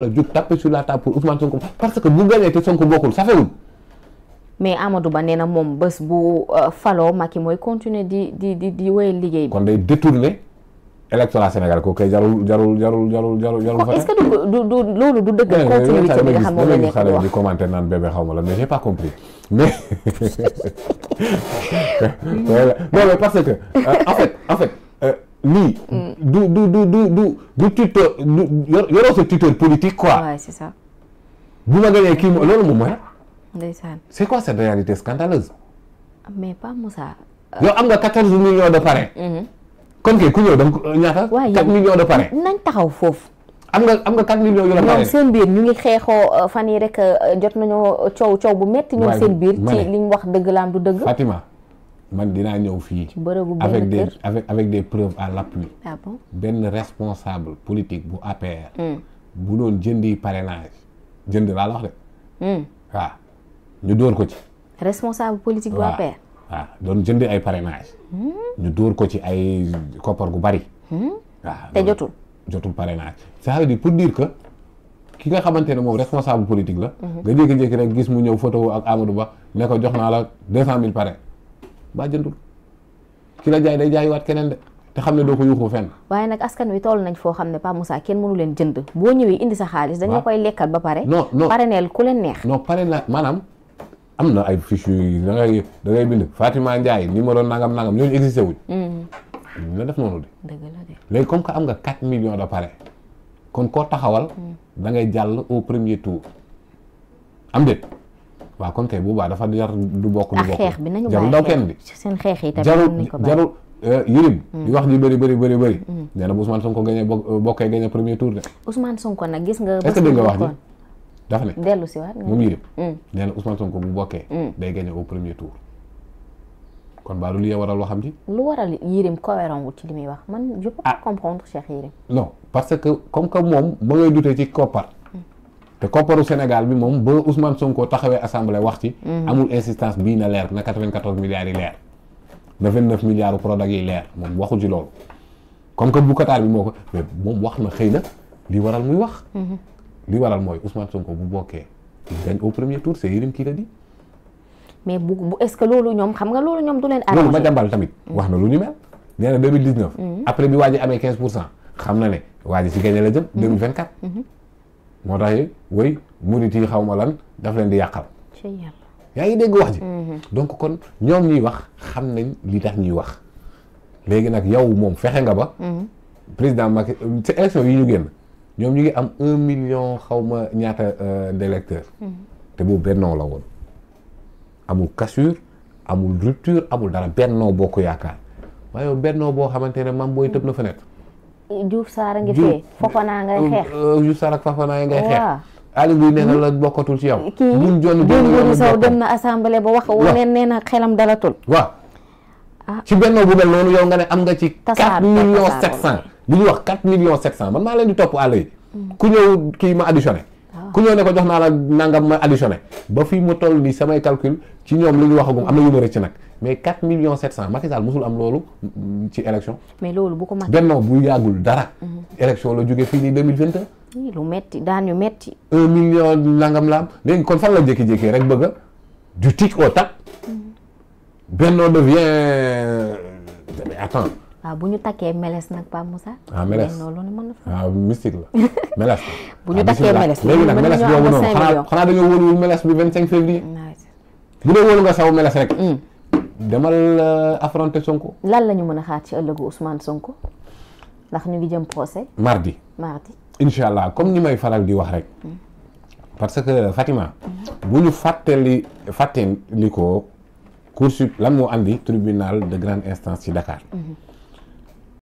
la jug tapé sur la table pour Ousmane Sonko parce que bu gagné te Sonko bokkul safewul mais Amadou Ba nee na moom bés bu euh, faloo Macky mooy continuer di di di di wéyal liggéey bi. kon day détourné électorat Sénégal ko kay jarul jarul jarul jarul jarul naan bébé xaw ma la mais j'ai pas compris mais non parce que euh, en fait en fait euh, lii du du du du du du tuteur du yoroo sa tuteur politique quoi. waaw c'est ça. bu ma gagné kii loolu moom mooy. ndeysaan c'est quoi cette réalité scandaleuse. mais pas Moussa. yow am nga quatorze millions de parrain. Mm-hmm. kon kay ku ñëw donc ñaata. waaw quatre millions de parrain. nañ taxaw foofu. am nga am nga 4 millions yu la ñoom seen biir ñu ngi xeexoo euh, fan yi rek euh, jot nañoo coow coow bu metti ñoom seen biir ci liñ wax dëgg laam du dëgg Fatima man dinaa ñëw fii avec des avec avec des preuves à l'appui ah benn responsable politique bu APR hmm. bu doon jëndi parrainage jënd laa la wax de hmm. waaw ñu dóor ko ci doon jënd ay parrainage hmm. ñu ko ci ay koppar gu bari waaw te jotul jotul parrainage ça veut dire pour dire ki nga xamante ne moom responsable politique la nga jékki-jékki rek gis mu ñëw photo ak Amadou Ba ne jox naa la deux cent mille parrain baa jëndul ki la jaay day jaayiwaat keneen de te xam ne doo ko yuuxu fenn waaye nag askan wi toll nañ foo xam ne Pape Moussa kenn mënu leen jënd boo ñëwee indi sa xaalis dañoo koy lekkal ba pare non non pareneel ku leen neex non pare na maanaam am na ay fiche yu da ngay da ngay bind Fatima Ndiaye numéro nangam nangam ñooñu existé wuñ mm-hmm. ñu la def noonu de dëgg la comme que am nga 4 millions de pare kon koo taxawal mm. da ngay jàll au premier tour am déet waaw kon kay bu baax dafa jar du bokk du bokk xeex bi jarul daw kenn bi seen xeex yi tamit jarul Yirim euh, mm. di wax ji bëri bëri bëri bëri mm. nee na bu Ousmane Sonko gañee euh, bokkee gañee premier tour de Ousmane Sonko nag gis nga est-ce dégg wax ji dafa ne dellu si waat moom Yirim mm. nee na Ousmane Sonko bu bokkee day gañee au premier tour kon baa lu lii waral waxam ji lu waral Yirim cohérent wul ci li muy wax man je peux ah. pas comprendre Cheikh parce que comme que moom ma ngay dutee ci koppar te kopparu Sénégal bi moom boo Ousmane Sonko taxawee assemblée wax ci. Mhm. amul insistance bii na leer na 94 yi leer. na 29 milliards u Prodac yi leer moom waxu ci loolu comme que bu Qatar bi moo ko mais moom wax na xëy na li waral muy wax. Mhm. li waral mooy Ousmane Sonko bu bokkee il gagne au premier tour c'est Yérim kii la di. mais bu bu loolu ñoom xam nga loolu ñoom du leen. arrangé loolu ma jàmbal tamit. Mhm. wax na lu ni mel. nee na 2019. après bi waa ji amee 15 pour cent moo tax it way murit yi xaw ma lan daf leen di yàqal. yaa ngi dégg wax ji. Mm-hmm. donc kon ñoom ñuy wax xam nañ li tax ñuy wax. léegi nag yow moom fexe nga ba. Mm-hmm. président Macky ci élection yi ñu génn ñoom ñu ngi am un million xaw ma ñaata euh, d'électeurs. Mm-hmm. te boo bennoo la woon. amul cassure amul rupture amul dara bennoo bokk yaakaar waaye yow bennoo boo xamante ne mam booy tëb na fenêtre. Diouf Sarr ngi fee. Fofana ngay euh, xeex euh, Diouf Sarr ak Fofana ngay xeex. waaw Aliou Guèye hmm? la bokkatul ci yow. kii buñ jonn buñ saw dem na assemblée ba wax. waaw nee na xelam dalatul. waaw. Ah. ci benno bu mel noonu yow nga ne am nga ci. tasaar 4 millions 700. bu ñuy wax 4 millions 700 man maa leen di topp àll yi. Hmm. ku ñëw kii ma additionné. ku ñëw ne ko jox naa la nangam ma additionné ba fii mu toll nii samay calcul ci ñoom li ñu waxagum am na yu ma rëcc nag mais 4 millions 700 Macky Sall mosul am loolu ci élection. mais loolu bu ko Macky. benn bu yàggul dara. Mhm. élection la jógee fii nii 2021. lu metti daan yu metti. 1 million nangam laa am léegi kon fan la jékki-jékki rek bëgg du tic au tac. Mhm. Benno devient mais attends. waaw ah, bu ñu takkee meles nag Pape Moussa. ah meles loolu mën waaw ah, mystique la meles. bu ñu ah, takkee meles léegi nag meles boobu noonu xanaa xanaa dañoo wóolu meles bi 25 février. bu dee wóolu meles rek. Mm. demal euh, affronter Sonko. lan la ñu mën a xaar ci ëllëgu Ousmane Sonko ndax ñu ngi jëm procès. mardi mardi. incha comme ni may faral di wax rek. Mm. parce que Fatima. bu ñu fàttali fàttali ko cour lan moo andi tribunal de grande instance ci Dakar. Mm-hmm.